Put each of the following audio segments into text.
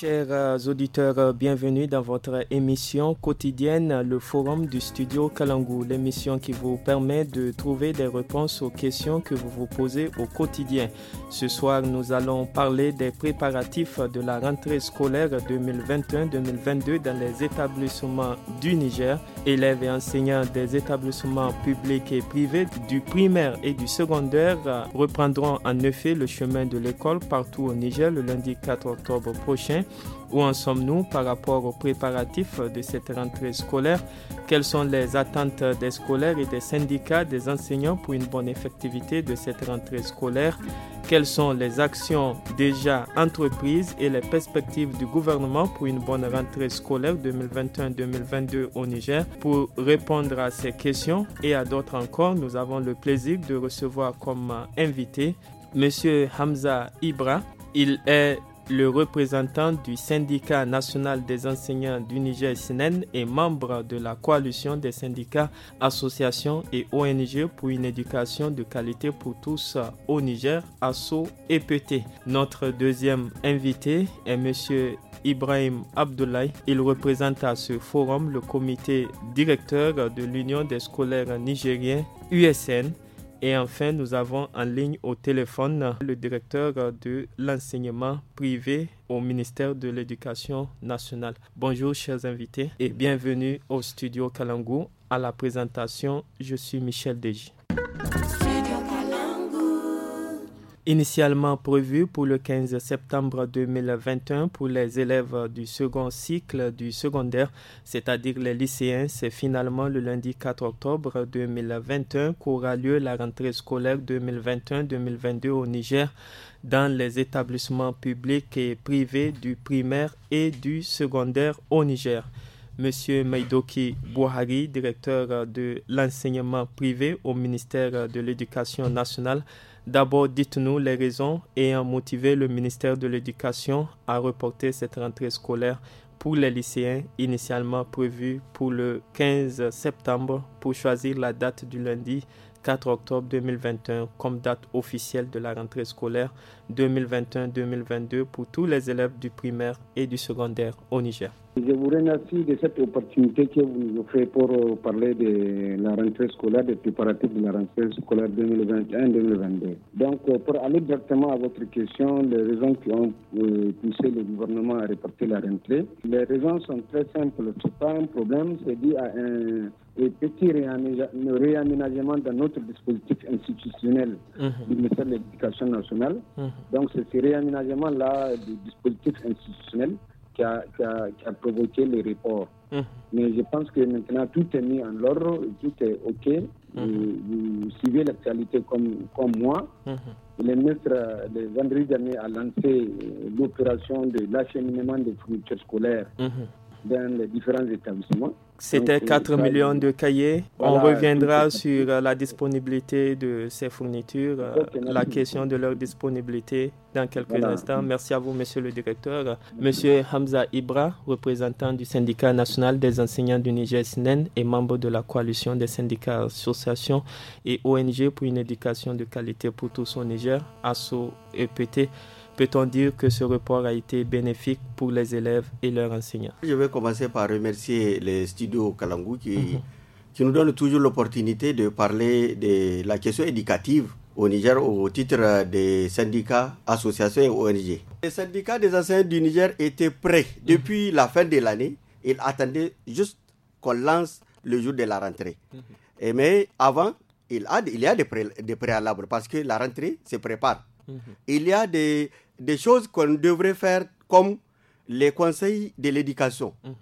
Chers euh, auditeurs, euh, bienvenue dans votre émission quotidienne, le forum du studio Kalangou, l'émission qui vous permet de trouver des réponses aux questions que vous vous posez au quotidien. Ce soir, nous allons parler des préparatifs de la rentrée scolaire 2021-2022 dans les établissements du Niger, élèves et enseignants des établissements publics et privés du primaire et du secondaire euh, reprendront en effet le chemin de l'école partout au Niger le lundi 4 octobre prochain où en sommes-nous par rapport aux préparatifs de cette rentrée scolaire Quelles sont les attentes des scolaires et des syndicats des enseignants pour une bonne effectivité de cette rentrée scolaire Quelles sont les actions déjà entreprises et les perspectives du gouvernement pour une bonne rentrée scolaire 2021-2022 au Niger Pour répondre à ces questions et à d'autres encore, nous avons le plaisir de recevoir comme invité Monsieur Hamza Ibra, il est le représentant du syndicat national des enseignants du Niger SNN est membre de la coalition des syndicats, associations et ONG pour une éducation de qualité pour tous au Niger, ASSO et PT. Notre deuxième invité est M. Ibrahim Abdoulaye. Il représente à ce forum le comité directeur de l'Union des scolaires nigériens, USN. Et enfin, nous avons en ligne au téléphone le directeur de l'enseignement privé au ministère de l'Éducation nationale. Bonjour chers invités et bienvenue au studio Kalangou. À la présentation, je suis Michel Deji initialement prévu pour le 15 septembre 2021 pour les élèves du second cycle du secondaire, c'est-à-dire les lycéens. C'est finalement le lundi 4 octobre 2021 qu'aura lieu la rentrée scolaire 2021-2022 au Niger dans les établissements publics et privés du primaire et du secondaire au Niger. Monsieur Maidoki Bouhari, directeur de l'enseignement privé au ministère de l'Éducation nationale, D'abord, dites-nous les raisons ayant motivé le ministère de l'Éducation à reporter cette rentrée scolaire pour les lycéens initialement prévue pour le 15 septembre pour choisir la date du lundi 4 octobre 2021 comme date officielle de la rentrée scolaire 2021-2022 pour tous les élèves du primaire et du secondaire au Niger. Je vous remercie de cette opportunité que vous nous offrez pour euh, parler de la rentrée scolaire, des préparatifs de la rentrée scolaire 2021-2022. Donc, euh, pour aller directement à votre question, les raisons qui ont euh, poussé le gouvernement à reporter la rentrée, les raisons sont très simples. Ce n'est pas un problème, c'est dû à un petit réaménagement dans notre dispositif institutionnel mhm. du ministère de l'Éducation nationale. Mhm. Donc c'est ce réaménagement-là du dispositif institutionnel qui a, provoqué les report. Hum. Mais je pense que maintenant tout est mis en ordre, tout est OK. Vous, hum. suivez l'actualité comme, moi. Hum. Le ministre, euh, le vendredi dernier, a lancé euh, l'opération de l'acheminement des fournitures scolaires dans les différents établissements. C'était 4 euh, millions de cahiers. On reviendra euh, sur euh, la disponibilité de ces fournitures, la question de leur disponibilité dans quelques instants. Merci à vous, monsieur le directeur. Monsieur Hamza Ibra, représentant du syndicat national des enseignants du Niger SNEN et membre de la coalition des syndicats, associations et ONG pour une éducation de qualité pour tous au Niger, ASSO EPT. Peut-on dire que ce report a été bénéfique pour les élèves et leurs enseignants Je vais commencer par remercier les studios Kalangou qui, mhm. qui nous donnent toujours l'opportunité de parler de la question éducative au Niger au titre des syndicats, associations et ONG. Les syndicats des enseignants du Niger étaient prêts mhm. depuis la fin de l'année. Ils attendaient juste qu'on lance le jour de la rentrée. Mhm. mais avant, il, il y a des, préalables parce que la rentrée se prépare. Il y a des, des choses qu'on devrait faire comme les conseils de l'éducation mhm.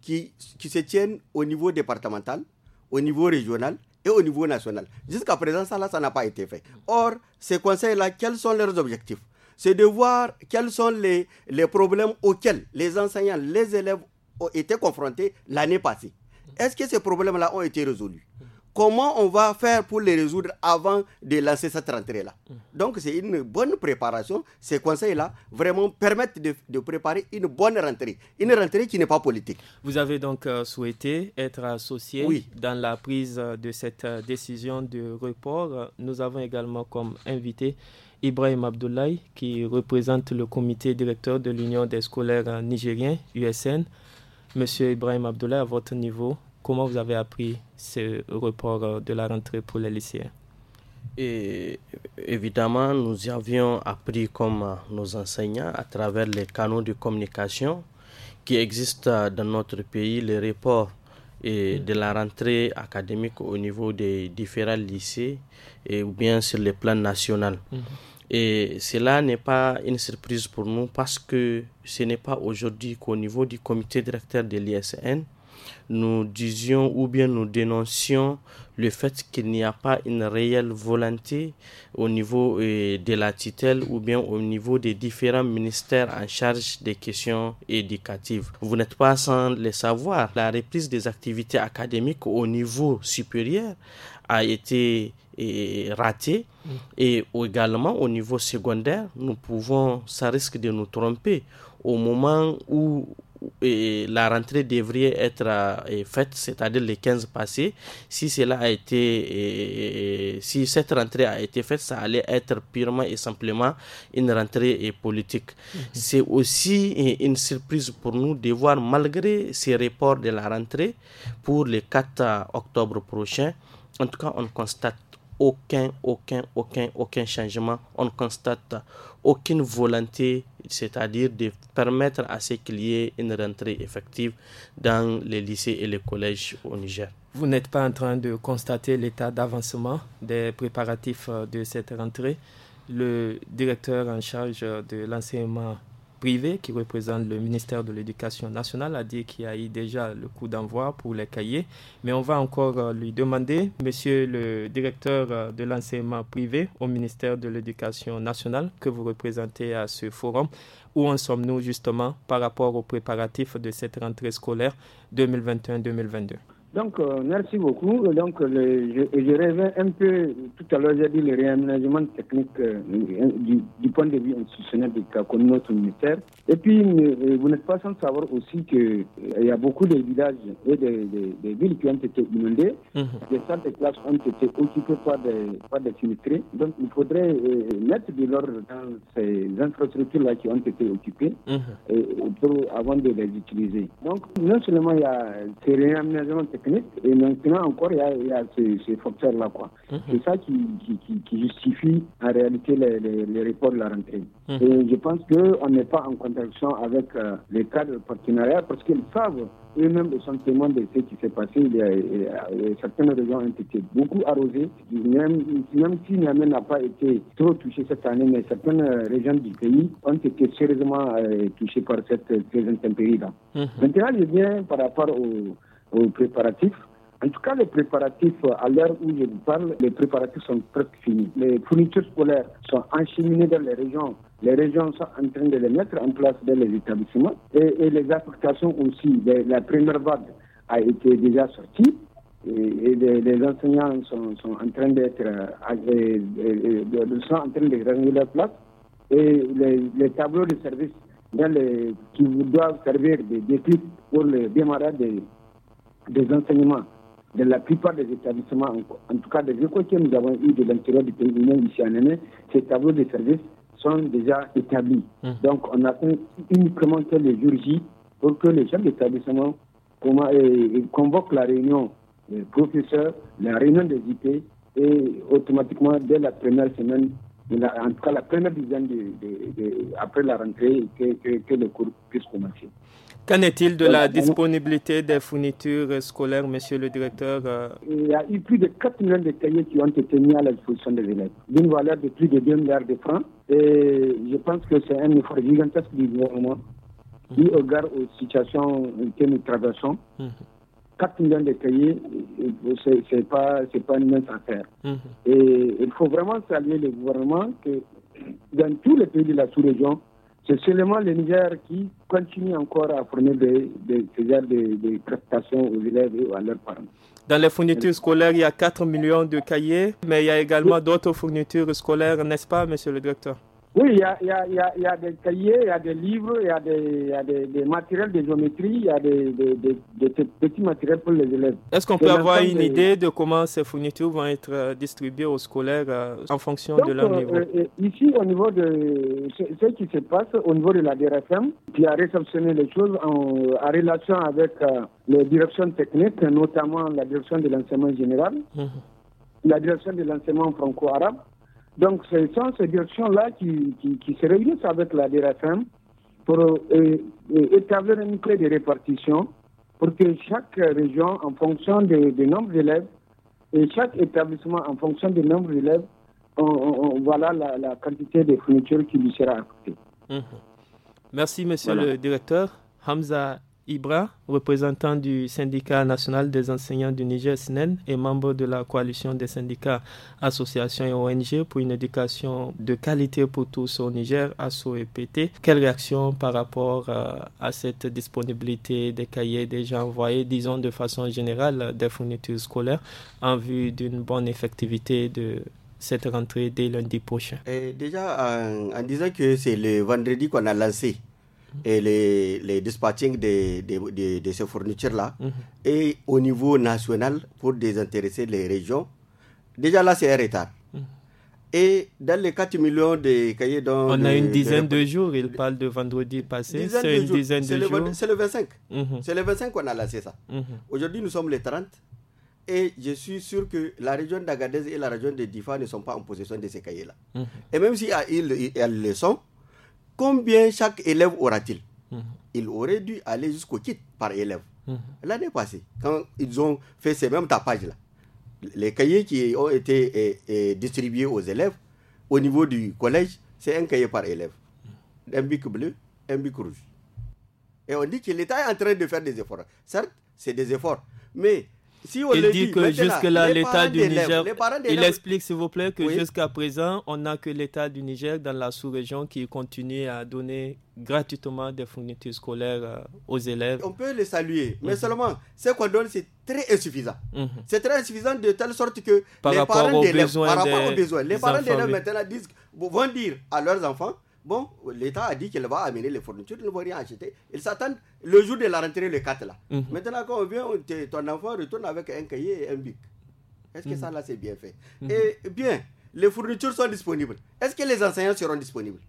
qui, qui se tiennent au niveau départemental, au niveau régional et au niveau national. Jusqu'à présent, ça, là, ça n'a pas été fait. Or, ces conseils-là, quels sont leurs objectifs C'est de voir quels sont les, les problèmes auxquels les enseignants, les élèves ont été confrontés l'année passée. Est-ce que ces problèmes-là ont été résolus comment on va faire pour les résoudre avant de lancer cette rentrée-là. Mm. Donc, c'est une bonne préparation. Ces conseils-là vraiment permettent de, préparer une bonne rentrée, une rentrée qui n'est pas politique. Vous avez donc euh, souhaité être associé dans la prise euh, de cette euh, décision de report. Nous avons également comme invité Ibrahim Abdoulaye, qui représente le comité directeur de l'Union des scolaires nigériens, USN. Monsieur Ibrahim Abdoulaye, à votre niveau, Comment vous avez appris ce report euh, de la rentrée pour les lycéens évidemment, nous avions appris comme euh, nos enseignants à travers les canaux de communication qui existent euh, dans notre pays, le report mm. de la rentrée académique au niveau des différents lycées ou bien sur le plan national. Mm-hmm. Et cela n'est pas une surprise pour nous parce que ce n'est pas aujourd'hui qu'au niveau du comité directeur de l'ISN, nous disions ou bien nous dénoncions le fait qu'il n'y a pas une réelle volonté au niveau euh, de la tutelle ou bien au niveau des différents ministères en charge des questions éducatives. Vous n'êtes pas sans le savoir, la reprise des activités académiques au niveau supérieur a été euh, ratée mm. Et également au niveau secondaire, nous pouvons, ça risque de nous tromper. Au moment où la rentrée devrait être euh, faite, c'est-à-dire les 15 passés. Si cela a été, euh, si cette rentrée a été faite, ça allait être purement et simplement une rentrée euh, politique. Mhm. C'est aussi une surprise pour nous de voir, malgré ces reports de la rentrée pour le 4 octobre prochain, en tout cas, on constate aucun, aucun, aucun, aucun changement. On ne constate aucune volonté, c'est-à-dire de permettre à ce qu'il y ait une rentrée effective dans les lycées et les collèges au Niger. Vous n'êtes pas en train de constater l'état d'avancement des préparatifs euh, de cette rentrée. Le directeur en charge de l'enseignement privé qui représente le ministère de l'Éducation nationale a dit qu'il y a eu déjà le coup d'envoi pour les cahiers, mais on va encore euh, lui demander, monsieur le directeur euh, de l'enseignement privé au ministère de l'Éducation nationale que vous représentez à ce forum, où en sommes-nous justement par rapport aux préparatifs de cette rentrée scolaire 2021-2022 donc, euh, merci beaucoup. Donc, je, je reviens un peu, tout à l'heure, j'ai dit le réaménagement technique euh, du, point de vue institutionnel de notre ministère. Et puis, euh, vous n'êtes pas sans savoir aussi qu'il y a beaucoup de villages et de, villes qui ont été inondées. Mhm. Des de classe ont été occupées par des, par Donc, il faudrait mettre de l'ordre dans ces infrastructures-là qui ont été occupées mhm. avant de les utiliser. Donc, non seulement il y a ces réaménagements techniques, et maintenant encore, il y a, ces, facteurs-là. Mhm. C'est ça qui, qui, justifie en réalité les, les, reports de la rentrée. Mhm. Et je pense qu'on n'est pas en contradiction avec euh, les cadres partenariats parce qu'ils savent eux-mêmes le sentiment de ce qui s'est passé. certaines régions ont été beaucoup arrosées, même, si Niamey n'a pas été trop touché cette année, mais certaines régions du pays ont été sérieusement euh, touchées par cette, présence intempéries mhm. Maintenant, je viens par rapport aux aux préparatifs. En tout cas, les préparatifs, à l'heure où je vous parle, les préparatifs sont presque finis. Les fournitures scolaires sont encheminées dans les régions. Les régions sont en train de les mettre en place dans les établissements. Et, les applications aussi, la première vague a été déjà sortie. Et, les, enseignants sont, en train d'être euh, sont en train de gagner leur place. Et les, tableaux de service dans les, qui doivent servir de pour le démarrage des des enseignements de la plupart des établissements, en, tout cas des écoles que nous avons eu de l'intérieur du pays, ici en ces tableaux de services sont déjà établis. Hum. Donc, on attend uniquement que les J pour que les chefs d'établissement euh, convoquent la réunion des professeurs, la réunion des IP, et automatiquement, dès la première semaine, en tout cas la première dizaine après la rentrée, que le cours puisse commencer. Qu'en est-il de euh, la euh, disponibilité des fournitures scolaires, monsieur le directeur euh? Il y a eu plus de 4 millions de cahiers qui ont été mis à la disposition des élèves, d'une valeur de plus de 2 milliards de francs. Et je pense que c'est un effort gigantesque du gouvernement, qui au mmh. regard aux situations que nous traversons. 4 mmh. millions de cahiers, ce n'est pas, pas une mince affaire. Mmh. Et il faut vraiment saluer le gouvernement que dans tous les pays de la sous-région, c'est seulement le Niger qui continue encore à fournir des, des, des, prestations aux élèves et à leurs parents. Dans les fournitures scolaires, il y a 4 millions de cahiers, mais il y a également d'autres fournitures scolaires, n'est-ce pas, monsieur le directeur oui, il y a, des cahiers, il y a des livres, il y a des, matériels de géométrie, il y a des, petits matériels pour les élèves. Est-ce qu'on peut avoir une idée de comment ces fournitures vont être euh, distribuées aux scolaires euh, en fonction de leur euh, niveau Ici, au niveau de ce qui se passe, au niveau de la DRFM, qui a réceptionné les choses en, relation avec les directions techniques, notamment la direction de l'enseignement général, mhm. la direction de l'enseignement franco-arabe, donc, ce sont ces directions-là qui, se réunissent avec la DRFM pour euh, euh, établir une clé de répartition pour que chaque région, en fonction des nombre d'élèves, et chaque établissement, en fonction des nombre d'élèves, on, voilà la, quantité de fournitures qui lui sera apportée. Mmh. Merci, monsieur le directeur. Hamza Ibra, représentant du syndicat national des enseignants du Niger SNEN e et membre de la coalition des syndicats, associations et ONG pour une éducation de qualité pour tous au Niger, ASSO et PT. Quelle réaction par rapport euh, à cette disponibilité des cahiers déjà envoyés, disons de façon générale, euh, des fournitures scolaires en vue d'une bonne effectivité de, cette rentrée dès lundi prochain eh, Déjà, en, disant que c'est le vendredi qu'on a lancé et les, les dispatching de, de, de, ces fournitures-là, mhm. et au niveau national pour désintéresser les régions, déjà là, c'est un retard. Mhm. Et dans les 4 millions de cahiers dont... On a une dizaine de, jours, il parle de vendredi passé, c'est une dizaine de jours. C'est le 25. Mhm. C'est le 25 qu'on a lancé ça. Aujourd'hui, nous sommes les 30. Et je suis sûr que la région d'Agadez et la région de Difa ne sont pas en possession de ces cahiers-là. Et même si elles le sont, combien chaque élève aura-t-il mhm. Il aurait dû aller jusqu'au kit par élève. Mhm. L'année passée, quand ils ont fait ces mêmes tapages-là, les cahiers qui ont été eh, eh, distribués aux élèves, au niveau du collège, c'est un cahier par élève. Mhm. Un bic bleu, un bic rouge. Et on dit que l'État est en train de faire des efforts. Certes, c'est des efforts, mais on il dit, que jusque-là, l'État du Niger, il explique s'il vous plaît que jusqu'à présent, on n'a que l'État du Niger dans la sous-région qui continue à donner gratuitement des fournitures scolaires euh, aux élèves. On peut les saluer, mais mhm. seulement ce qu'on donne, c'est très insuffisant. Mhm. C'est très insuffisant de telle sorte que les parents d'élèves, par rapport aux besoins, les parents maintenant disent, vont dire à leurs enfants, Bon, l'État a dit qu'il va amener les fournitures, ils ne vont rien acheter. Ils s'attendent le jour de la rentrée, le 4 là. Mhm. Maintenant, quand on vient, ton enfant retourne avec un cahier et un bic. Est-ce que mhm. ça là, c'est bien fait mhm. Et bien, les fournitures sont disponibles. Est-ce que les enseignants seront disponibles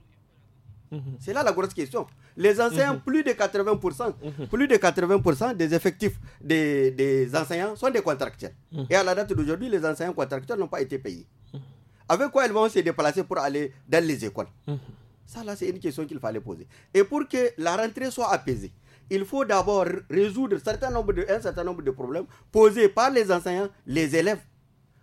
c'est là la grosse question. Les enseignants, plus de 80%, plus de 80% des effectifs des, des, enseignants sont des contractuels. Et à la date d'aujourd'hui, les enseignants contractuels n'ont pas été payés. Avec quoi ils vont se déplacer pour aller dans les écoles ça, là, c'est une question qu'il fallait poser. Et pour que la rentrée soit apaisée, il faut d'abord résoudre nombre de, un certain nombre de problèmes posés par les enseignants, les élèves.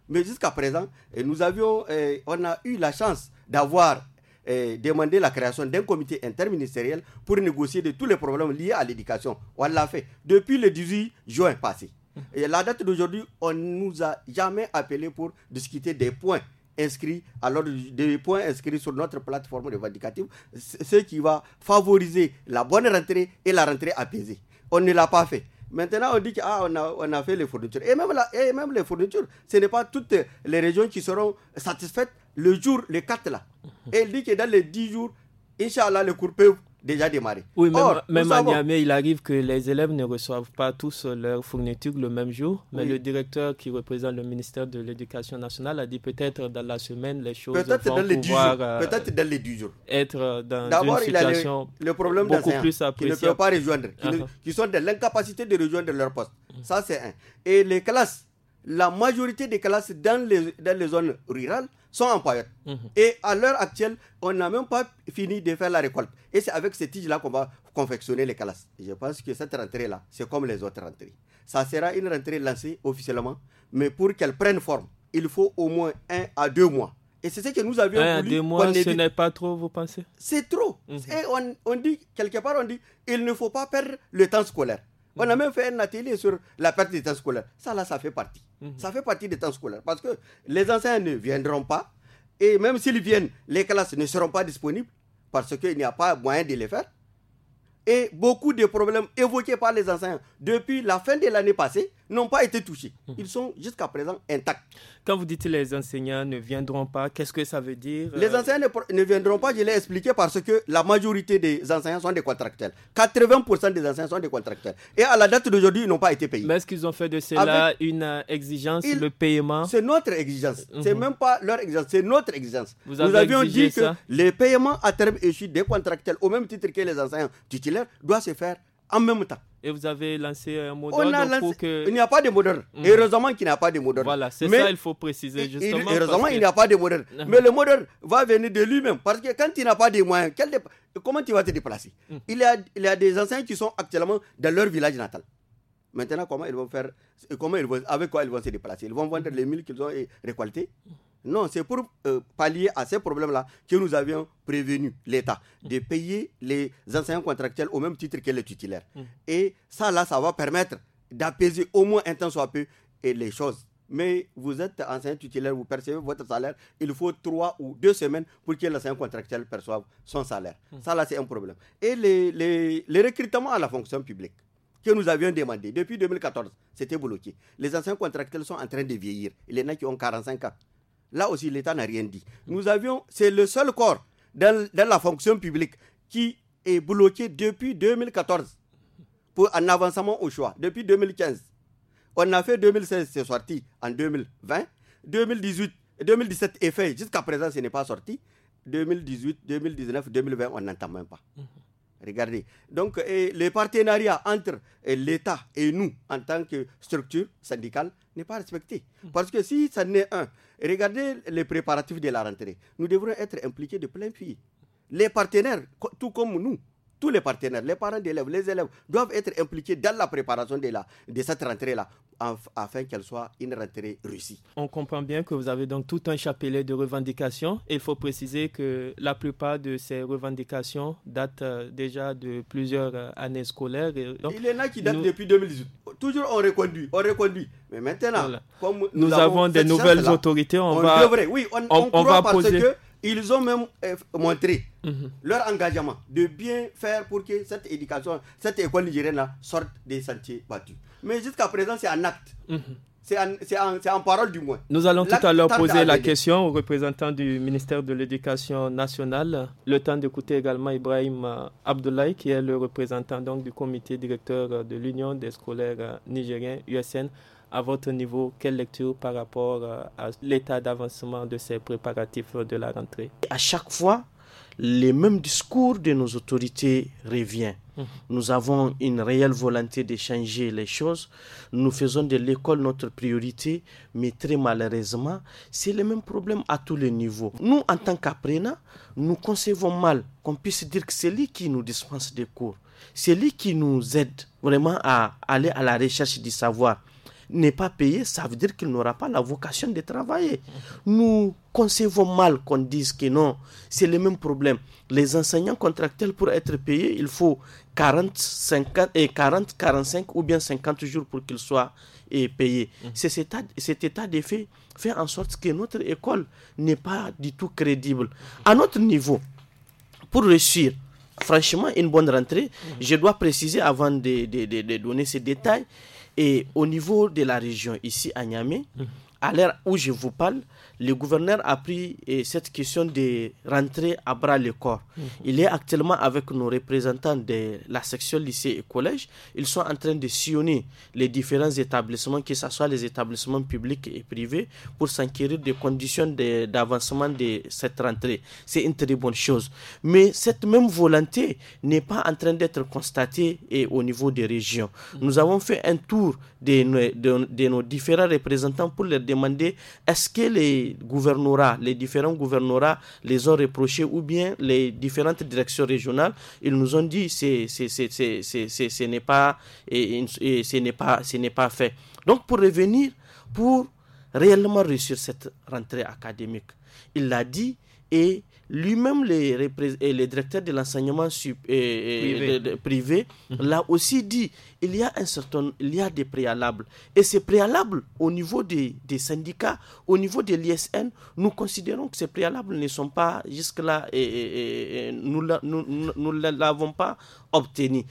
Mais jusqu'à présent, eh, nous avions, eh, on a eu la chance d'avoir eh, demandé la création d'un comité interministériel pour négocier de tous les problèmes liés à l'éducation. On l'a fait depuis le 18 juin passé. Hum. Et la date d'aujourd'hui, on ne nous a jamais appelé pour discuter des points inscrits, alors des points inscrits sur notre plateforme revendicative, ce qui va favoriser la bonne rentrée et la rentrée apaisée. On ne l'a pas fait. Maintenant, on dit qu'on ah, a, on a fait les fournitures. Et même, les fournitures, ce n'est pas toutes les régions qui seront satisfaites le jour, les quatre là. Mhm. Et dit que dans les 10 jours, Inch'Allah, le cours peuvent déjà démarré. Oui, même, même à Niamey, il arrive que les élèves ne reçoivent pas tous leurs fournitures le même jour, mais le directeur qui représente le ministère de l'Éducation nationale a dit peut-être dans la semaine, les choses vont pouvoir euh, peut-être dans les 10 jours. être dans une situation il a le, le problème beaucoup Qui ne peuvent pas rejoindre, uh-huh. qui, sont dans l'incapacité de rejoindre leur poste. Ça, c'est un. Et les classes la majorité des classes dans les, zones rurales sont en mhm. Et à l'heure actuelle, on n'a même pas fini de faire la récolte. Et c'est avec ces tiges-là qu'on va confectionner les classes. je pense que cette rentrée-là, c'est comme les autres rentrées. Ça sera une rentrée lancée officiellement, mais pour qu'elle prenne forme, il faut au moins un à deux mois. Et c'est ce que nous avions un À deux mois, ce n'est pas trop, vous pensez C'est trop. Mhm. Et on dit, quelque part, on dit, il ne faut pas perdre le temps scolaire. On a même fait un atelier sur la perte des temps scolaire. Ça, là, ça fait partie. Mhm. Ça fait partie des temps scolaire. Parce que les enseignants ne viendront pas. Et même s'ils viennent, les classes ne seront pas disponibles parce qu'il n'y a pas moyen de les faire. Et beaucoup de problèmes évoqués par les enseignants depuis la fin de l'année passée, n'ont pas été touchés. Ils sont jusqu'à présent intacts. Quand vous dites les enseignants ne viendront pas, qu'est-ce que ça veut dire Les euh, enseignants ne, viendront pas, je l'ai expliqué parce que la majorité des enseignants sont des contractuels. 80% des enseignants sont des contractuels. Et à la date d'aujourd'hui, ils n'ont pas été payés. Mais ce qu'ils ont fait de cela une euh, exigence, le paiement C'est notre exigence. Mhm. C'est même pas leur exigence, c'est notre exigence. Vous Nous avions dit que les paiements à terme issus des contractuels, au même titre que les enseignants titulaires, doivent se faire en même temps. Et vous avez lancé un mot pour que... Il n'y a pas de mot hmm. Heureusement qu'il n'y a pas de mot Voilà, c'est ça il faut préciser justement. Heureusement il n'y a pas de modèle. Mais le modèle va venir de lui-même. Parce que quand il n'a pas de moyens, comment tu vas te déplacer hmm. il, y a, des anciens qui sont actuellement dans leur village natal. Maintenant, comment ils vont faire, comment ils vont, avec quoi ils vont se déplacer Ils vont vendre les milles qu'ils ont récoltées non, c'est pour euh, pallier à ces problèmes-là que nous avions prévenu l'État de mm. payer les enseignants contractuels au même titre que les titulaires. Mm. Et ça, là, ça va permettre d'apaiser au moins un temps soit peu les choses. Mais vous êtes enseignant titulaire, vous percevez votre salaire, il faut trois ou deux semaines pour que l'enseignant contractuel perçoive son salaire. Mm. Ça, là, c'est un problème. Et les, recrutements à la fonction publique que nous avions demandé depuis 2014, c'était bloqué. Les enseignants contractuels sont en train de vieillir. Il y en a qui ont 45 ans. Là aussi, l'État n'a rien dit. Nous avions, c'est le seul corps dans, la fonction publique qui est bloqué depuis 2014 pour un avancement au choix, depuis 2015. On a fait 2016, c'est sorti en 2020. 2018, 2017 est fait, jusqu'à présent, ce n'est pas sorti. 2018, 2019, 2020, on n'entend même pas. Mhm. Regardez. Donc, et le partenariat entre l'État et nous, en tant que structure syndicale, n'est pas respecté. Mhm. Parce que si ça n'est un, Regardez les préparatifs de la rentrée. Nous devrons être impliqués de plein pied. Les partenaires, tout comme nous, tous les partenaires, les parents d'élèves, les élèves doivent être impliqués dans la préparation de, la, de cette rentrée-là afin qu'elle soit une rentrée réussie. On comprend bien que vous avez donc tout un chapelet de revendications. Il faut préciser que la plupart de ces revendications datent euh, déjà de plusieurs euh, années scolaires. il y en a qui datent depuis 2018 toujours on reconduit, on reconduit. Mais maintenant, comme nous, avons, des nouvelles autorités, on, on va, oui, on, on, va parce poser... ils ont même euh, montré mhm. leur engagement de bien faire pour que cette éducation, cette école nigérienne sorte des sentiers battus. Mais jusqu'à présent, c'est un acte. Mhm. C'est en, parole du moins. Nous allons tout à l'heure poser la question au représentant du ministère de l'Éducation nationale. Le temps d'écouter également Ibrahim euh, Abdoulaye, qui est le représentant donc du comité directeur euh, de l'Union des scolaires euh, nigériens, USN. À votre niveau, quelle lecture par rapport à l'état d'avancement de ces préparatifs de la rentrée À chaque fois, les mêmes discours de nos autorités revient. Mmh. Nous avons une réelle volonté de changer les choses. Nous faisons de l'école notre priorité, mais très malheureusement, c'est le même problème à tous les niveaux. Nous, en tant qu'apprenants, nous concevons mal qu'on puisse dire que c'est lui qui nous dispense des cours. C'est lui qui nous aide vraiment à aller à la recherche du savoir n'est pas payé, ça veut dire qu'il n'aura pas la vocation de travailler. Nous concevons mal qu'on dise que non, c'est le même problème. Les enseignants contractuels, pour être payés, il faut 40, 50, et 40 45 ou bien 50 jours pour qu'ils soient eh, payés. Mm. C'est cet état, cet de fait en sorte que notre école n'est pas du tout crédible. À notre niveau, pour réussir, franchement, une bonne rentrée, mm. je dois préciser avant de donner ces détails, et au niveau de la région, ici à Niamey, mm à l'heure où je vous parle, le gouverneur a pris eh, cette question de rentrer à bras le corps. Mhm. Il est actuellement avec nos représentants de la section lycée et collège. Ils sont en train de sillonner les différents établissements, que ce soit les établissements publics et privés, pour s'enquérir des conditions d'avancement de, cette rentrée. C'est une très bonne chose. Mais cette même volonté n'est pas en train d'être constatée eh, au niveau des régions. Mhm. Nous avons fait un tour de, de, nos différents représentants pour leur demander est-ce que les gouvernorats, les différents gouvernorats les ont reprochés ou bien les différentes directions régionales, ils nous ont dit c'est ce n'est pas et, ce n'est pas ce n'est pas fait. Donc pour revenir pour réellement réussir cette rentrée académique, il l'a dit et lui-même les, les directeurs de l'enseignement privé, mhm. l'a aussi dit, il y a un certain, il y a des préalables. Et ces préalables, au niveau des, syndicats, au niveau de l'ISN, nous considérons que ces préalables ne sont pas jusque-là, et, nous ne nous, l'avons pas obtenu.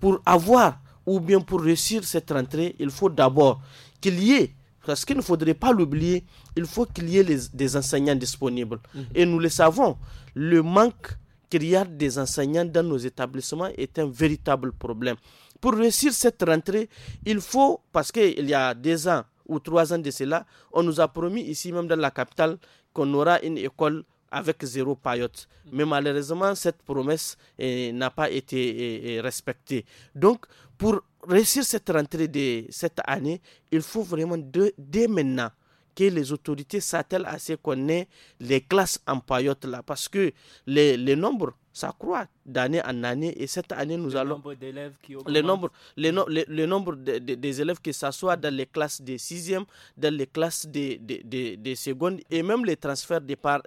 Pour avoir, ou bien pour réussir cette rentrée, il faut d'abord qu'il y ait parce qu'il ne faudrait pas l'oublier, il faut qu'il y ait des enseignants disponibles. Mhm. Et nous le savons, le manque qu'il y a des enseignants dans nos établissements est un véritable problème. Pour réussir cette rentrée, il faut, parce qu'il y a deux ans ou trois ans de cela, on nous a promis ici même dans la capitale qu'on aura une école avec zéro payote. Mm. Mais malheureusement, cette promesse eh, n'a pas été eh, eh, respectée. Donc, pour réussir cette rentrée de cette année, il faut vraiment dès maintenant que les autorités s'attellent à ce qu'on ait les classes en payote là, parce que les, les nombres ça croît d'année en année. Et cette année, nous allons. Nombre qui le nombre, le, nombre des élèves qui s'assoient dans les classes des 6 dans les classes des, secondes, et même les transferts des parts,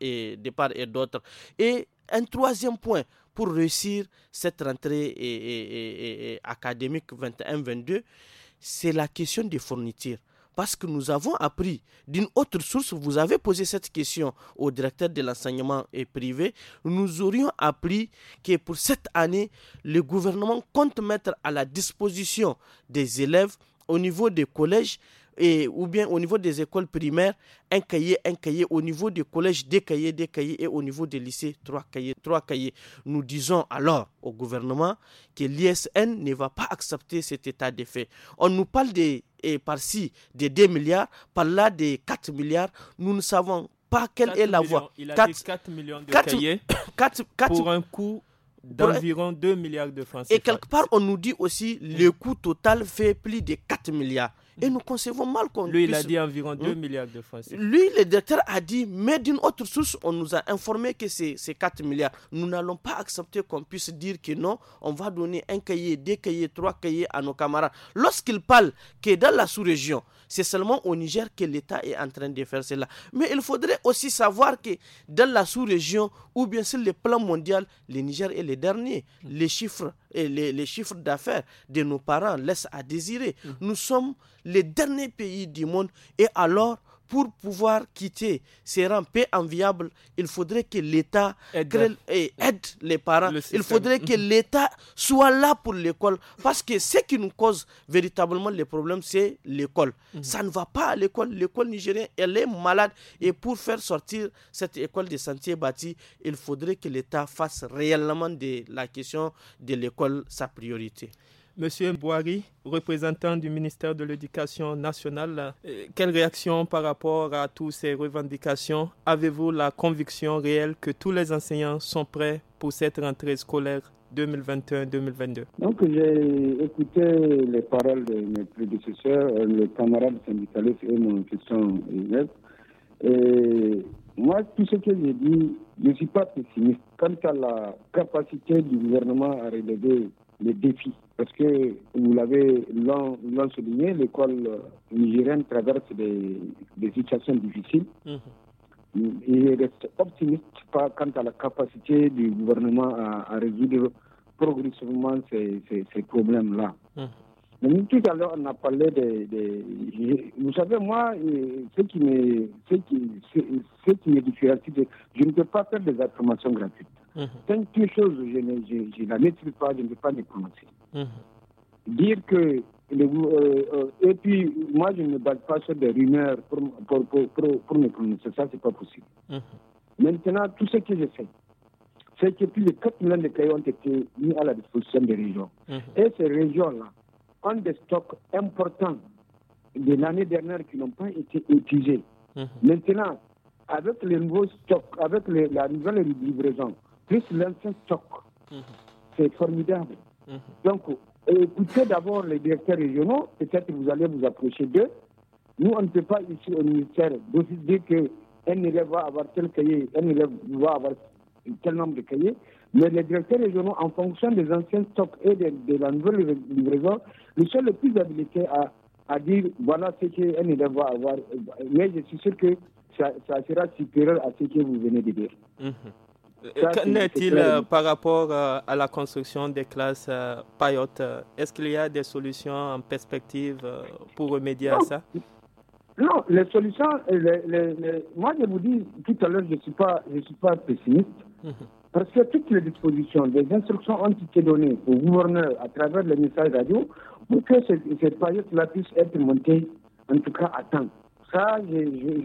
et d'autres. et, d'autres. et un troisième point pour réussir cette rentrée académique 21-22, c'est la question des fournitures parce que nous avons appris d'une autre source, vous avez posé cette question au directeur de l'enseignement privé, nous aurions appris que pour cette année, le gouvernement compte mettre à la disposition des élèves au niveau des collèges et, ou bien au niveau des écoles primaires, un cahier, un cahier, au niveau des collèges, des cahiers, des cahiers, et au niveau des lycées, trois cahiers, trois cahiers. Nous disons alors au gouvernement que l'ISN ne va pas accepter cet état de fait. On nous parle des, et par-ci des 2 milliards, par-là des 4 milliards. Nous ne savons pas quelle est la voie. Il a 4, 4 millions de 4, cahiers 4, pour un coût d'environ 2 milliards de francs. Et quelque part, on nous dit aussi le coût total fait plus de 4 milliards. Et nous concevons mal qu'on Lui, il a dit environ 2 hmm? milliards de francs. Lui, le directeur a dit, mais d'une autre source, on nous a informé que c'est 4 milliards. Nous n'allons pas accepter qu'on puisse dire que non, on va donner un cahier, deux cahiers, trois cahiers à nos camarades. Lorsqu'il parle que dans la sous-région, c'est seulement au Niger que l'État est en train de faire cela. Mais il faudrait aussi savoir que dans la sous-région ou bien sur le plan mondial, le Niger est le dernier. Les chiffres, les chiffres d'affaires de nos parents laissent à désirer. Hmm. Nous sommes les derniers pays du monde. Et alors, pour pouvoir quitter ces rangs peu enviables, il faudrait que l'État aide. les parents. il faudrait que l'État soit là pour l'école. Parce que ce qui nous cause véritablement les problèmes, c'est l'école. Mhm. Ça ne va pas à l'école. L'école nigérienne, elle est malade. Et pour faire sortir cette école des sentiers bâtis, il faudrait que l'État fasse réellement de la question de l'école sa priorité. Monsieur Boiry, représentant du ministère de l'Éducation nationale, euh, quelle réaction par rapport à toutes ces revendications Avez-vous la conviction réelle que tous les enseignants sont prêts pour cette rentrée scolaire 2021-2022. Donc j'ai écouté les paroles de mes prédécesseurs, euh, les camarades syndicalistes et mon question moi, tout ce que j'ai dit, je ne suis pas pessimiste. Quant à la capacité du gouvernement à relever les défis. Parce que, vous l'avez long souligné, l'école euh, nigérienne traverse des, situations difficiles. Mhm. Il reste optimiste quant à la capacité du gouvernement à, résoudre progressivement ces, problèmes-là. Mhm. tout à l'heure, on a parlé des. De, vous savez, moi, euh, ce qui me, ce qui, ce, qui me je ne peux pas faire des informations gratuites. Mmh. Tant chose, je ne je, la pas, je ne peux pas me prononcer. Mhm. Dire que. Euh, euh, et puis, moi, je ne me pas sur des rumeurs pour, pour, pour, pour, me prononcer. Ça, n'est pas possible. Mhm. Maintenant, tout ce que je c'est que plus de 4 millions de cahiers ont été mis à la disposition des régions. Mhm. Et ces régions-là ont des stocks importants de l'année dernière qui n'ont pas été utilisés. Maintenant, avec les nouveaux stocks, avec la nouvelle livraison, plus l'ancien stock. Mhm. C'est formidable. Mhm. Donc, écoutez d'abord les directeurs régionaux, peut-être que vous allez vous approcher d'eux. Nous, on ne peut pas ici au ministère que qu'un élève va avoir tel cahier, un élève va avoir tel nombre de cahiers. Mais les directeurs régionaux, en fonction des anciens stocks et de, la nouvelle livraison, ils sont les plus habilités à, dire voilà ce qu'un élève va avoir. Mais je suis sûr que ça, sera supérieur à ce que vous venez de dire. Mhm. Euh, qu'en est-il euh, par rapport euh, à la construction des classes payotes Est-ce qu'il y a des solutions en perspective pour remédier à ça Non, les solutions, moi je vous dis tout à l'heure, je ne suis, pas, je suis pas pessimiste, mhm. parce que toutes les dispositions, les instructions ont été données au gouverneur à travers les messages radio pour que ces cette là puisse être montées, en tout cas à temps. Ça, je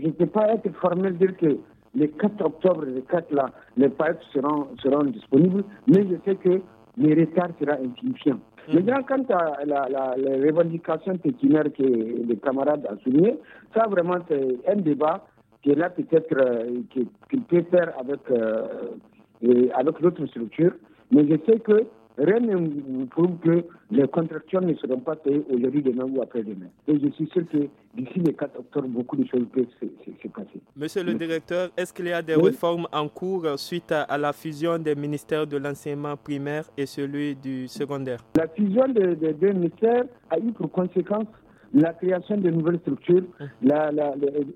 ne peux pas être formel dire que le 4 octobre, le 4 là, les pipes seront, seront disponibles, mais je sais que le retard sera insignifiant. Mmh. Maintenant, quant à la, revendication pétinaire que les camarades ont souligné, ça vraiment c'est un débat qui est là peut-être, euh, qui peut faire avec, euh, avec l'autre structure, mais je sais que Rien ne prouve que les contractions ne seront pas payées aujourd'hui, demain ou après-demain. Et je suis sûr que d'ici le 4 octobre, beaucoup de choses peuvent se, passer. Monsieur le directeur, est-ce qu'il y a des réformes en cours suite à, la fusion des ministères de l'enseignement primaire et celui du secondaire La fusion des deux ministères a eu pour conséquence la création de nouvelles structures hein.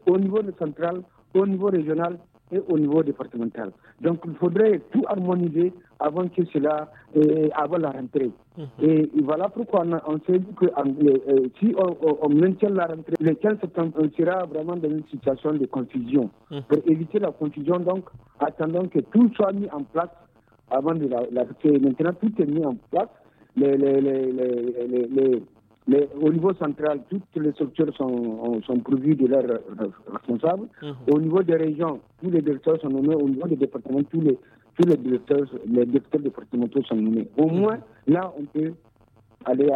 au niveau central, au niveau régional et au niveau départemental. Donc il faudrait tout harmoniser avant que cela, euh, avant la rentrée. Mhm. Et, voilà pourquoi on, s'est dit que euh, si on, maintient la rentrée, le 15 septembre, on sera vraiment dans une situation de confusion. Mhm. Pour éviter la confusion, donc, attendant que tout soit mis en place avant de la, rentrée. Maintenant, tout est mis en place. les mais au niveau central, toutes les structures sont, sont prévues de leurs responsables. Uh-huh. Au niveau des régions, tous les directeurs sont nommés. Au niveau des départements, tous les, tous les directeurs, les directeurs départementaux sont nommés. Au uh-huh. moins, là, on peut aller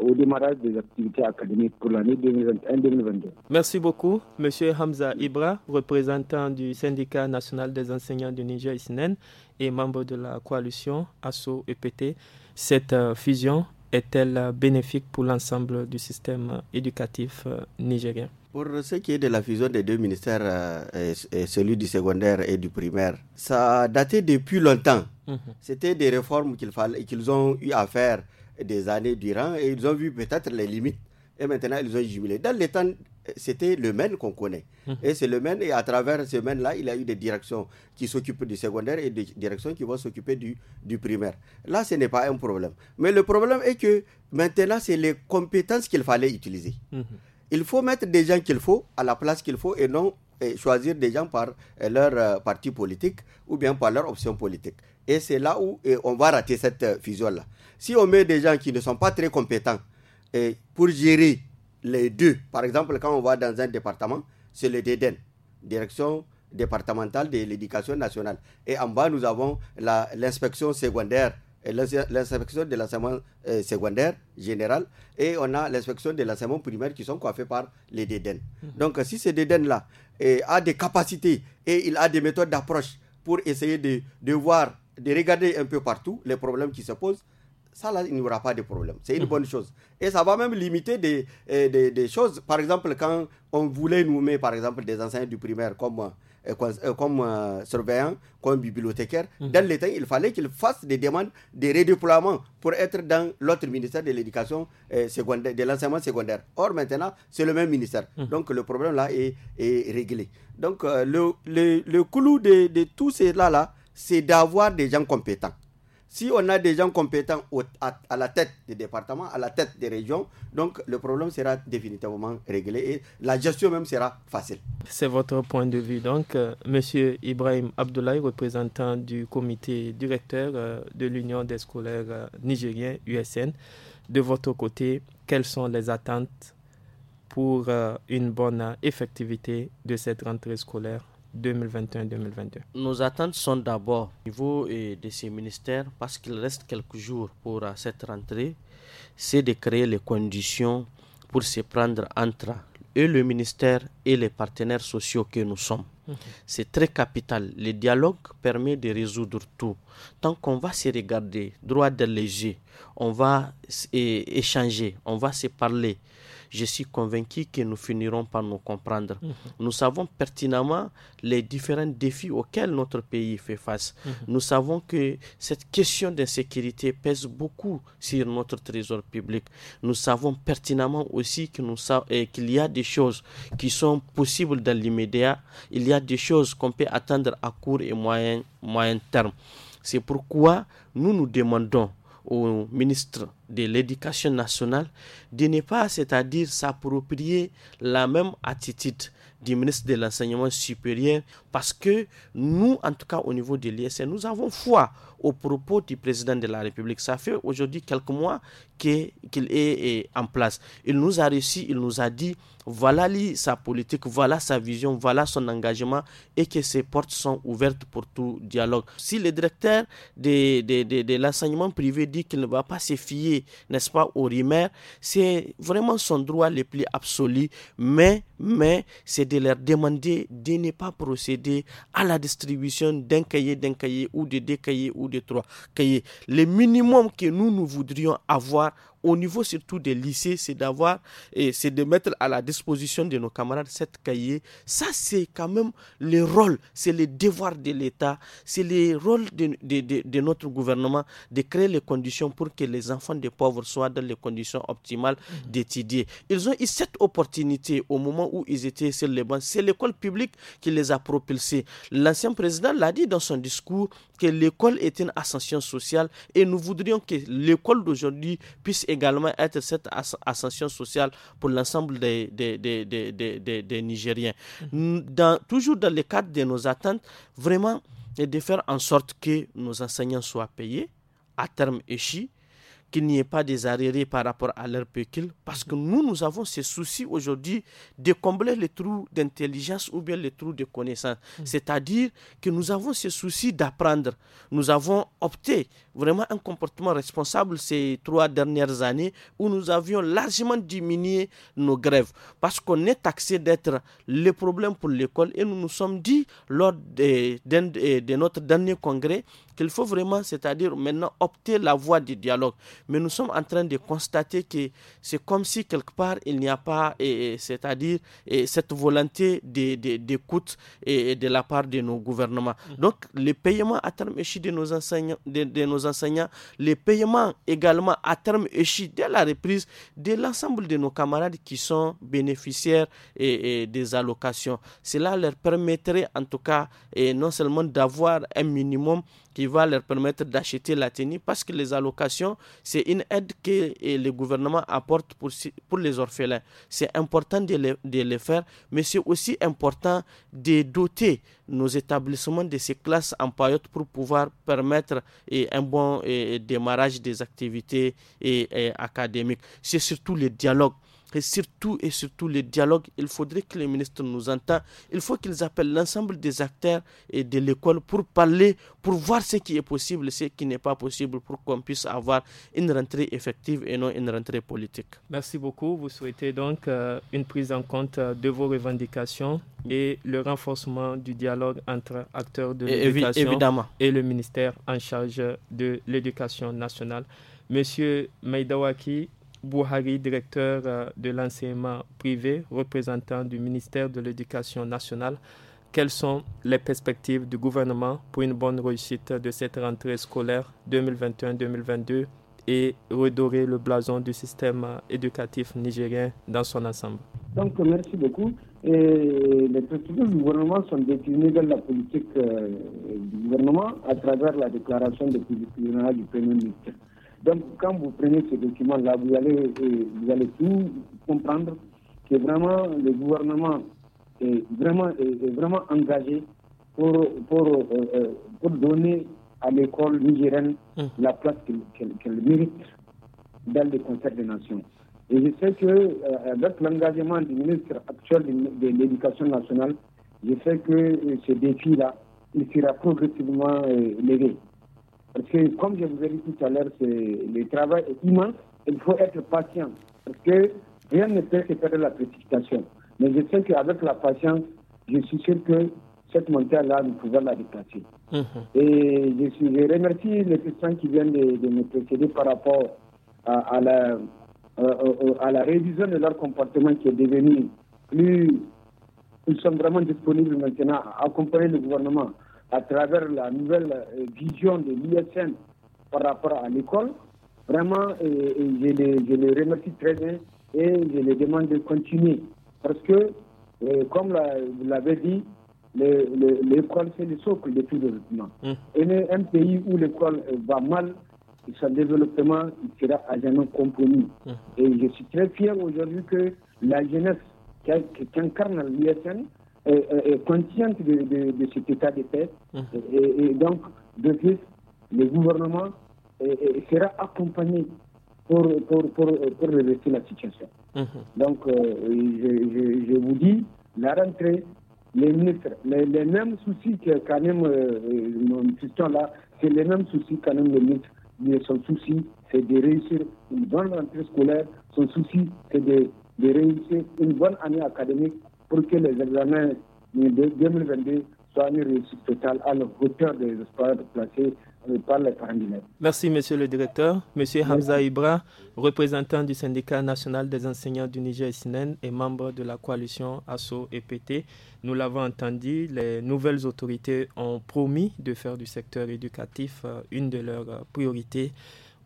au, démarrage des activités académiques pour l'année 2021-2022. Merci beaucoup, Monsieur Hamza Ibra, représentant du syndicat national des enseignants du Niger Isnen et membre de la coalition ASSO-EPT. Cette euh, fusion est-elle bénéfique pour l'ensemble du système euh, éducatif euh, nigérien Pour ce qui est de la fusion des deux ministères, euh, celui du secondaire et du primaire, ça a daté depuis longtemps. Mhm. C'était des réformes qu'ils ont eu à faire des années durant et ils ont vu peut-être les limites et maintenant ils ont jubilé. Dans les temps, c'était le même qu'on connaît. Mhm. Et c'est le même. et à travers ce même là il y a eu des directions qui s'occupent du secondaire et des directions qui vont s'occuper du, du primaire. Là, ce n'est pas un problème. Mais le problème est que maintenant, c'est les compétences qu'il fallait utiliser. Mhm. Il faut mettre des gens qu'il faut à la place qu'il faut et non choisir des gens par euh, leur euh, parti politique ou bien par leur option politique. Et c'est là où on va rater cette euh, fusion-là. Si on met des gens qui ne sont pas très compétents, et pour gérer les deux, par exemple, quand on va dans un département, c'est le DEDEN, Direction départementale de l'éducation nationale. Et en bas, nous avons l'inspection secondaire, l'inspection de l'enseignement euh, secondaire général, et on a l'inspection de l'enseignement primaire qui sont coiffés par les DEDEN. Mhm. Donc, si ces DEDEN-là euh, a des capacités et il a des méthodes d'approche pour essayer de voir, de regarder un peu partout les problèmes qui se posent, ça là, il n'y aura pas de problème. C'est une mhm. bonne chose. Et ça va même limiter euh, des, choses. Par exemple, quand on voulait nommer, par exemple, des enseignants du primaire comme, euh, euh, comme surveillant, surveillants, comme bibliothécaire, mhm. dans les temps, il fallait qu'ils fassent des demandes de redéploiement pour être dans l'autre ministère de l'éducation secondaire, de l'enseignement secondaire. Or, maintenant, c'est le même ministère. Mhm. Donc, le problème là est, réglé. Donc, le, le, clou de, de tout cela là c'est d'avoir des gens compétents. Si on a des gens compétents à, la tête des départements, à la tête des régions, donc le problème sera définitivement réglé et la gestion même sera facile. C'est votre point de vue. Donc, euh, Monsieur Ibrahim Abdoulaye, représentant du comité directeur euh, de l'Union des scolaires euh, nigériens, USN, de votre côté, quelles sont les attentes pour une bonne effectivité de cette rentrée scolaire 2021-2022 Nos attentes sont d'abord au niveau eh, de ces ministères, parce qu'il reste quelques jours pour euh, cette rentrée, c'est de créer les conditions pour se prendre entre et le ministère et les partenaires sociaux que nous sommes. C'est très capital. Le dialogue permet de résoudre tout. Tant qu'on va se regarder droit de léger, on va eh, échanger, on va se parler, je suis convaincu que nous finirons par nous comprendre. Mhm. Nous savons pertinemment les différents défis auxquels notre pays fait face. Mhm. Nous savons que cette question d'insécurité pèse beaucoup sur notre trésor public. Nous savons pertinemment aussi que nous qu'il y a des choses qui sont possibles dans l'immédiat. Il y a des choses qu'on peut attendre à court et moyen, moyen terme. C'est pourquoi nous nous demandons au ministre de l'Éducation nationale de ne pas, c'est-à-dire s'approprier la même attitude du ministre de l'Enseignement supérieur, parce que nous, en tout cas au niveau de l'ISN, nous avons foi au propos du président de la République. Ça fait aujourd'hui quelques mois qu'il est eh, en place. Il nous a réussi, il nous a dit, voilà sa politique, voilà sa vision, voilà son engagement et que ses portes sont ouvertes pour tout dialogue. Si le directeur de, de, l'enseignement privé dit qu'il ne va pas se fier, n'est-ce pas, au RIMER, c'est vraiment son droit le plus absolu, mais, mais c'est des de leur demander de ne pas procéder à la distribution d'un cahier, d'un cahier ou de deux cahiers ou de trois cahiers. Le minimum que nous, nous voudrions avoir au niveau surtout des lycées, c'est d'avoir et c'est de mettre à la disposition de nos camarades cette cahier. Ça, c'est quand même le rôle, c'est le devoir de l'État, c'est le rôle de, notre gouvernement de créer les conditions pour que les enfants des pauvres soient dans les conditions optimales mmh. d'étudier. Ils ont eu cette opportunité au moment où ils étaient sur les bancs. C'est l'école publique qui les a propulsés. L'ancien président l'a dit dans son discours que l'école est une ascension sociale et nous voudrions que l'école d'aujourd'hui puisse également être cette ascension sociale pour l'ensemble des, des, Nigériens. Dans, toujours dans le cadre de nos attentes, vraiment, de faire en sorte que nos enseignants soient payés à terme échi, qu'il n'y ait pas des arriérés par rapport à leur pécule, parce que nous, nous avons ce souci aujourd'hui de combler les trous d'intelligence ou bien les trous de connaissance. Mm. C'est-à-dire que nous avons ce souci d'apprendre. Nous avons opté vraiment un comportement responsable ces trois dernières années où nous avions largement diminué nos grèves, parce qu'on est taxé d'être le problème pour l'école et nous nous sommes dit lors de notre dernier congrès qu'il faut vraiment, c'est-à-dire maintenant, opter la voie du dialogue. Mais nous sommes en train de constater que c'est comme si quelque part il n'y a pas, c'est-à-dire cette volonté d'écoute de la part de nos gouvernements. Mm-hmm. Donc, les paiements à terme échu de nos enseignants, de, nos enseignants les paiements également à terme échu de la reprise de l'ensemble de nos camarades qui sont bénéficiaires et, des allocations. Cela leur permettrait en tout cas non seulement d'avoir un minimum qui va leur permettre d'acheter la tenue parce que les allocations, c'est une aide que eh, le gouvernement apporte pour, pour les orphelins. C'est important de les, faire, mais c'est aussi important de doter nos établissements de ces classes en période pour pouvoir permettre eh, un bon eh, démarrage des activités et, académiques. C'est surtout le dialogue et surtout et surtout le dialogue. Il faudrait que les ministres nous entendent. Il faut qu'ils appellent l'ensemble des acteurs et de l'école pour parler, pour voir ce qui est possible, ce qui n'est pas possible, pour qu'on puisse avoir une rentrée effective et non une rentrée politique. Merci beaucoup. Vous souhaitez donc euh, une prise en compte euh, de vos revendications et le renforcement du dialogue entre acteurs de l'éducation et le ministère en charge de l'éducation nationale. Monsieur Maïdawaki, Bouhari, directeur euh, de l'enseignement privé, représentant du ministère de l'Éducation nationale, quelles sont les perspectives du gouvernement pour une bonne réussite de cette rentrée scolaire 2021-2022 et redorer le blason du système euh, éducatif nigérien dans son ensemble Donc, merci beaucoup. les perspectives du gouvernement sont déclinées dans la politique euh, du gouvernement à travers la déclaration de politique du Premier ministre. Donc, quand vous prenez ce document-là, vous allez, euh, vous allez tout comprendre que vraiment le gouvernement est vraiment, vraiment engagé euh, euh, pour, donner à l'école nigérienne mmh. la place qu'elle mérite dans les concerts des nations. Et je sais que avec l'engagement du ministre actuel de, l'Éducation nationale, je sais que ce défi-là, il sera progressivement levé. Parce que, comme je vous ai dit tout à l'heure, le travail est immense. Il faut être patient. Parce que rien ne peut se faire la précipitation. Mais je sais qu'avec la patience, je suis sûr que cette montée là nous pouvons la dépasser. Mhm. Et je, suis, remercie les personnes qui viennent de, me précéder par rapport euh, euh, euh, à, la, révision de leur comportement qui est devenu plus. Nous sommes vraiment disponibles maintenant à accompagner le gouvernement à travers la nouvelle euh, vision de l'ISN par rapport à l'école. Vraiment, je, les, remercie très bien et je les demande de continuer. Parce que, euh, comme vous l'avez dit, l'école, c'est le socle de tout développement. Mmh. Et un pays où l'école euh, va mal, son développement sera à jamais compromis. Mmh. Et je suis très fier aujourd'hui que la jeunesse qui incarne l'ISN est, euh, euh, euh, consciente de, de, cet état de fait. Mmh. Et, donc, de plus, le gouvernement sera accompagné pour, pour, pour, la situation. Mmh. Donc, je, je, vous dis, la rentrée, les ministres, les, mêmes soucis que quand même, mon là, c'est les mêmes soucis quand même le ministre. Son souci, c'est de réussir une bonne rentrée scolaire. Son souci, c'est de, de réussir une bonne année académique pour que les examens de 2022 soient réussite totale à la hauteur des espoirs placés euh, par les candidats. Merci, monsieur le directeur. Monsieur Hamza Ibra, représentant du syndicat national des enseignants du Niger Sinen et membre de la coalition ASSO EPT. Nous l'avons entendu, les nouvelles autorités ont promis de faire du secteur éducatif euh, une de leurs priorités.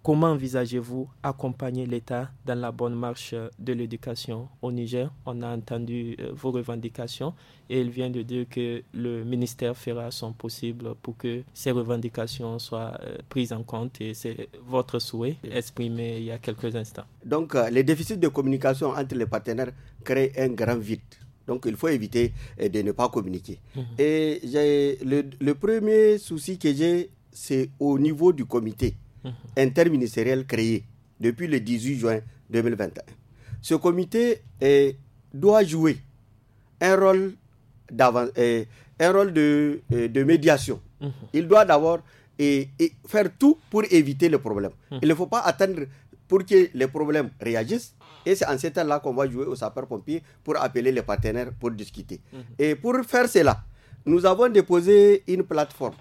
Comment envisagez-vous accompagner l'État dans la bonne marche de l'éducation au Niger On a entendu euh, vos revendications et il vient de dire que le ministère fera son possible pour que ces revendications soient euh, prises en compte et c'est votre souhait exprimé il y a quelques instants. Donc euh, les déficits de communication entre les partenaires créent un grand vide. Donc il faut éviter de ne pas communiquer. Mhm. Et le premier souci que j'ai, c'est au niveau du comité interministériel créé depuis le 18 juin 2021. Ce comité doit jouer un rôle, euh, un rôle de, euh, médiation. Mhm. Il doit d'abord et, faire tout pour éviter le problème. Mhm. Il ne faut pas attendre pour que les problèmes réagissent. Et c'est en ce temps-là qu'on va jouer au sapeurs pompier pour appeler les partenaires pour discuter. Mhm. Et pour faire cela, nous avons déposé une plateforme.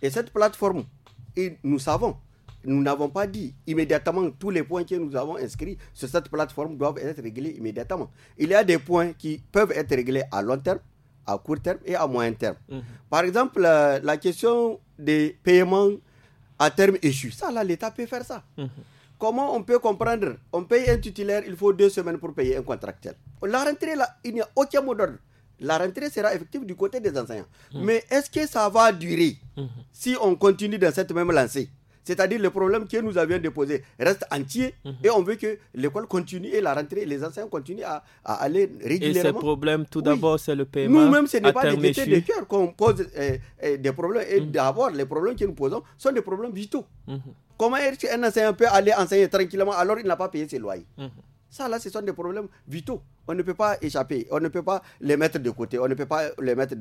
Et cette plateforme, nous savons nous n'avons pas dit immédiatement tous les points que nous avons inscrits sur cette plateforme doivent être réglés immédiatement. Il y a des points qui peuvent être réglés à long terme, à court terme et à moyen terme. Mhm. Par exemple, euh, la, question des paiements à terme échu, ça là, l'État peut faire ça. Mhm. Comment on peut comprendre On paye un titulaire, il faut deux semaines pour payer un contractuel. La rentrée, là, il n'y a aucun mot d'ordre la rentrée sera effective du côté des enseignants. Mhm. Mais est-ce que ça va durer si on continue dans cette même lancée c'est-à-dire le problème que nous avions déposé reste entier mhm. et on veut que l'école continue et la rentrée, les enseignants continuent à, aller régulièrement. Et ce problème, tout d'abord, c'est le paiement. Nous-mêmes, ce n'est pas des métiers de cœur qu'on pose euh, euh, des problèmes. Et mhm. d'abord, les problèmes que nous posons sont des problèmes vitaux. Mhm. Comment est-ce qu'un enseignant peut aller enseigner tranquillement alors il n'a pas payé ses loyers ça, là, ce sont des problèmes vitaux. On ne peut pas échapper, on ne peut pas les mettre de côté, on ne peut pas les mettre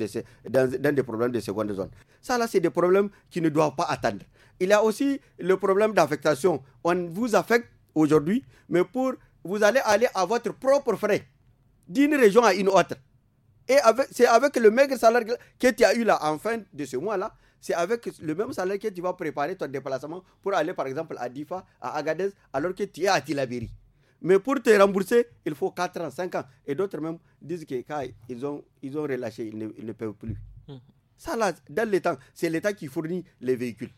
dans, dans, des problèmes de seconde zone. Ça, là, c'est des problèmes qui ne doivent pas attendre. Il y a aussi le problème d'affectation. On vous affecte aujourd'hui, mais pour vous allez aller à votre propre frais d'une région à une autre. Et c'est avec le maigre salaire que tu as eu là en fin de ce mois-là, c'est avec le même salaire que tu vas préparer ton déplacement pour aller par exemple à Difa, à Agadez, alors que tu es à Tilabiri. Mais pour te rembourser, il faut 4 ans, 5 ans. Et d'autres même disent que ils ont, ils ont relâché, ils ne, peuvent plus. Hum. Ça là, dans l'État, c'est l'État qui fournit les véhicules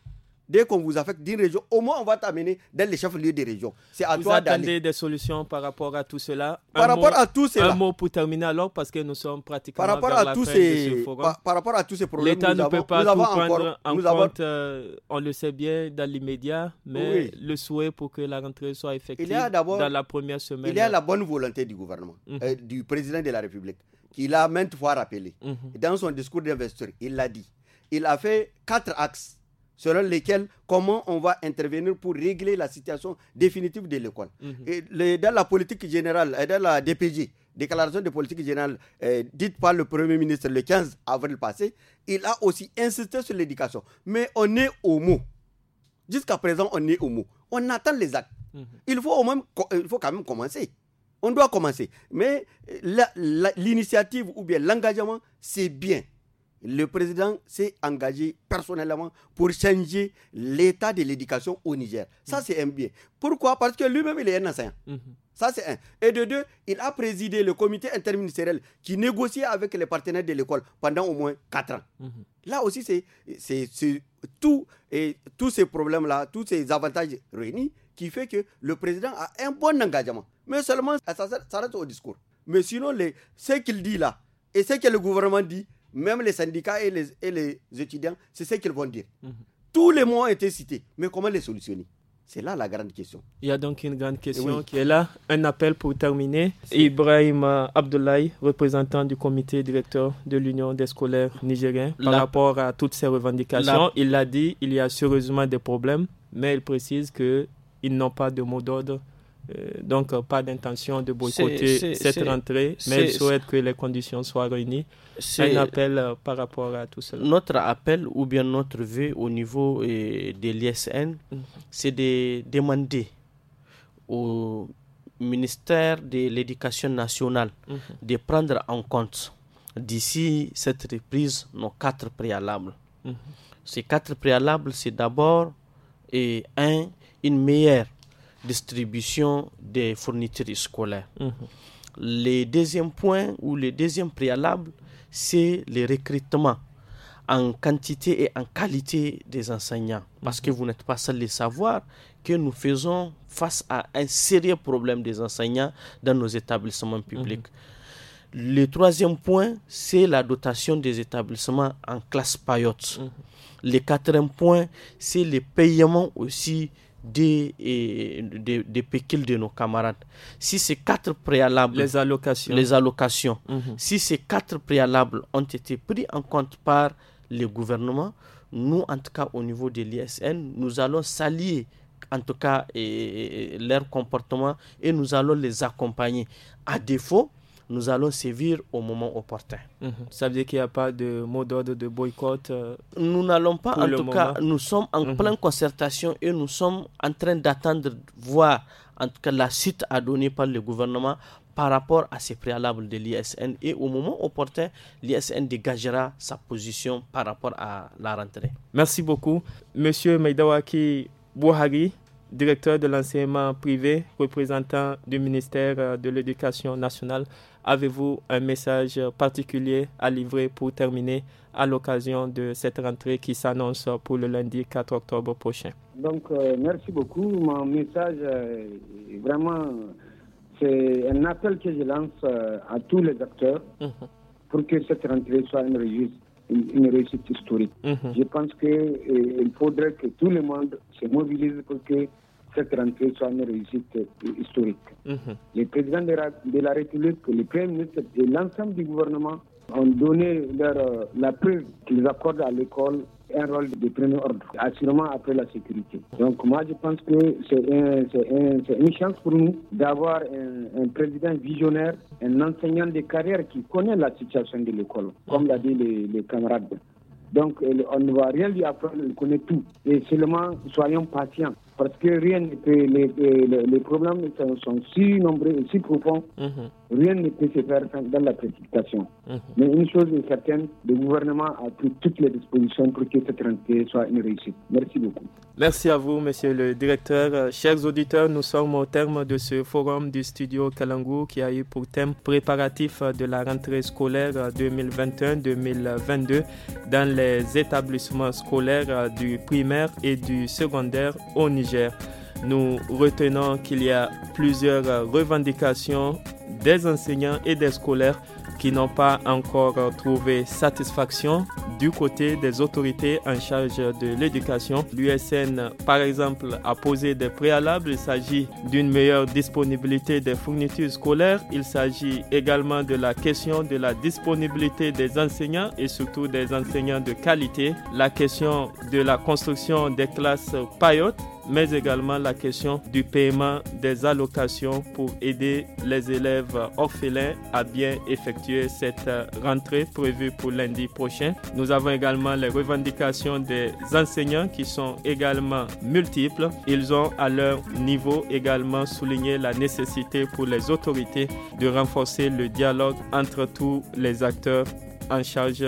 dès qu'on vous affecte d'une région, au moins on va t'amener dans les chefs-lieux des régions. C'est à vous toi d'aller. des solutions par rapport à tout cela. Par rapport à tout cela. Un mot pour terminer alors, parce que nous sommes pratiquement par rapport à la tous fin ces, de ce forum. Par, rapport à tous ces problèmes, l'État ne avons, peut pas tout prendre en compte. Euh, on le sait bien dans l'immédiat, mais le souhait pour que la rentrée soit effectuée dans la première semaine. Il y a la bonne volonté du gouvernement, mhm. euh, du président de la République, qui l'a maintes fois rappelé. Mhm. Dans son discours d'investiture, il l'a dit. Il a fait quatre axes selon lesquels comment on va intervenir pour régler la situation définitive de l'école. Mhm. Et dans la politique générale, euh, dans la DPJ, déclaration de politique générale euh, dite par le Premier ministre le 15 avril passé, il a aussi insisté sur l'éducation. Mais on est au mot. Jusqu'à présent, on est au mot. On attend les actes. Mhm. Il, faut au même, il faut quand même commencer. On doit commencer. Mais euh, l'initiative ou bien l'engagement, c'est bien le président s'est engagé personnellement pour changer l'état de l'éducation au Niger. Ça, mm-hmm. c'est un bien. Pourquoi Parce que lui-même, il est un enseignant. Mm-hmm. Ça, c'est un. Et de deux, il a présidé le comité interministériel qui négociait avec les partenaires de l'école pendant au moins quatre ans. Mm-hmm. Là aussi, c'est tout et tous ces problèmes-là, tous ces avantages réunis qui fait que le président a un bon engagement. Mais seulement, ça reste au discours. Mais sinon, les, ce qu'il dit là et ce que le gouvernement dit, même les syndicats et les, étudiants, c'est ce qu'ils vont dire. Mhm. Tous les mots ont été cités, mais comment les solutionner c'est là la grande question. Il y a donc une grande question qui est là. Un appel pour terminer. Ibrahim Abdoulaye, représentant du comité directeur de l'Union des scolaires nigériens, par rapport à toutes ces revendications, il l'a dit, il y a sérieusement des problèmes, mais il précise qu'ils n'ont pas de mot d'ordre euh, donc, euh, pas d'intention de boycotter cette rentrée, mais je souhaite que les conditions soient réunies. C'est Un appel euh, par rapport à tout cela. Notre appel ou bien notre vœu au niveau de l'ISN, mm. c'est de demander au ministère de l'Éducation nationale mm-hmm. de prendre en compte d'ici cette reprise nos quatre préalables. Mm-hmm. Ces quatre préalables, c'est d'abord un, une meilleure distribution des fournitures scolaires. Mmh. Le deuxième point ou le deuxième préalable, c'est le recrutement en quantité et en qualité des enseignants. Mmh. Parce que vous n'êtes pas seul de savoir que nous faisons face à un sérieux problème des enseignants dans nos établissements publics. Mmh. Le troisième point, c'est la dotation des établissements en classe payotte. Le quatrième point, c'est le paiement aussi des, des, de nos camarades, si ces quatre préalables, les allocations, les allocations mhm. si ces quatre préalables ont été pris en compte par le gouvernement, nous, en tout cas au niveau de l'ISN, nous allons s'allier en tout cas leur comportement et nous allons les accompagner. À défaut, nous allons sévir au moment opportun. Mhm. Ça veut dire qu'il n'y a pas de mot d'ordre de boycott euh, Nous n'allons pas, en tout cas, nous sommes en mhm. pleine concertation et nous sommes en train d'attendre, voir en tout cas la suite à donner par le gouvernement par rapport à ces préalables de l'ISN et au moment opportun, l'ISN dégagera sa position par rapport à la rentrée. Merci beaucoup. Monsieur Maïdawaki Bouhari, directeur de l'enseignement privé, représentant du ministère euh, de l'Éducation nationale. Avez-vous un message particulier à livrer pour terminer à l'occasion de cette rentrée qui s'annonce pour le lundi 4 octobre prochain Donc, euh, merci beaucoup. Mon message, euh, vraiment, c'est un appel que je lance euh, à tous les acteurs mhm. pour que cette rentrée soit une réussite historique. Mhm. Je pense qu'il faudrait que tout le monde se mobilise pour que cette rentrée soit une réussite euh, historique. Mhm. Les présidents de la, République, les premiers ministres l'ensemble du gouvernement ont donné euh, la preuve qu'ils accordent à l'école un rôle de premier ordre, assurément après la sécurité. Donc moi je pense que c'est une chance pour nous d'avoir un, président visionnaire, un enseignant de carrière qui connaît la situation de l'école, comme l'a dit les, les camarades. Donc on ne va rien lui apprendre, il connaît tout. Et seulement soyons patients parce que rien les, les, les problèmes sont, si nombreux et si profonds mhm rien ne peut se faire dans la précipitation. Mhm. Mais une chose est certaine, le gouvernement a pris toutes les dispositions pour que cette rentrée soit une réussite. Merci beaucoup. Merci à vous, monsieur le directeur. Euh, chers auditeurs, nous sommes au terme de ce forum du studio Kalangou qui a eu pour thème préparatif euh, de la rentrée scolaire 2021-2022 euh, dans les établissements scolaires du primaire et du secondaire au Niger. Nous retenons qu'il y a plusieurs euh, revendications des enseignants et des scolaires qui n'ont pas encore euh, trouvé satisfaction du côté des autorités en charge de l'éducation. L'USN, par exemple, a posé des préalables. Il s'agit d'une meilleure disponibilité des fournitures scolaires. Il s'agit également de la question de la disponibilité des enseignants et surtout des enseignants de qualité. La question de la construction des classes payotes mais également la question du paiement des allocations pour aider les élèves orphelins à bien effectuer cette euh, rentrée prévue pour lundi prochain. Nous avons également les revendications des enseignants qui sont également multiples. Ils ont à leur niveau également souligné la nécessité pour les autorités de renforcer le dialogue entre tous les acteurs en charge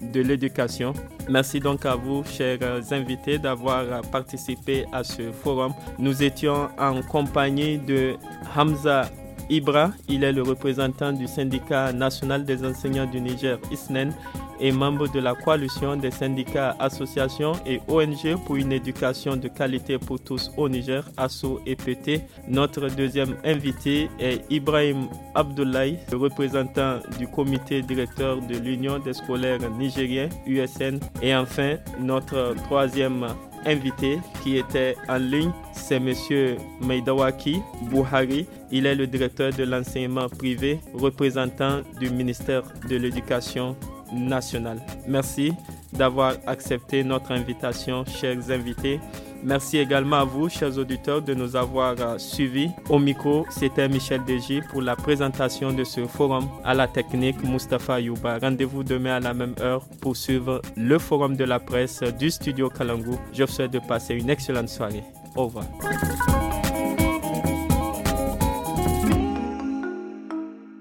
de l'éducation. Merci donc à vous, chers invités, d'avoir participé à ce forum. Nous étions en compagnie de Hamza Ibra. Il est le représentant du syndicat national des enseignants du Niger, ISNEN, e et membre de la coalition des syndicats, associations et ONG pour une éducation de qualité pour tous au Niger, ASSO et PT. Notre deuxième invité est Ibrahim Abdoulaye, le représentant du comité directeur de l'Union des scolaires nigériens, USN. E et enfin, notre troisième invité qui était en ligne, c'est monsieur Meidawaki Buhari, Il est le directeur de l'enseignement privé, représentant du ministère de l'Éducation nationale. Merci d'avoir accepté notre invitation, chers invités. Merci également à vous, chers auditeurs, de nous avoir euh, suivis. Au micro, c'était Michel Degi pour la présentation de ce forum à la technique Mustapha Yuba. Rendez-vous demain à la même heure pour suivre le forum de la presse du studio Kalangou. Je vous souhaite de passer une excellente soirée. Au revoir.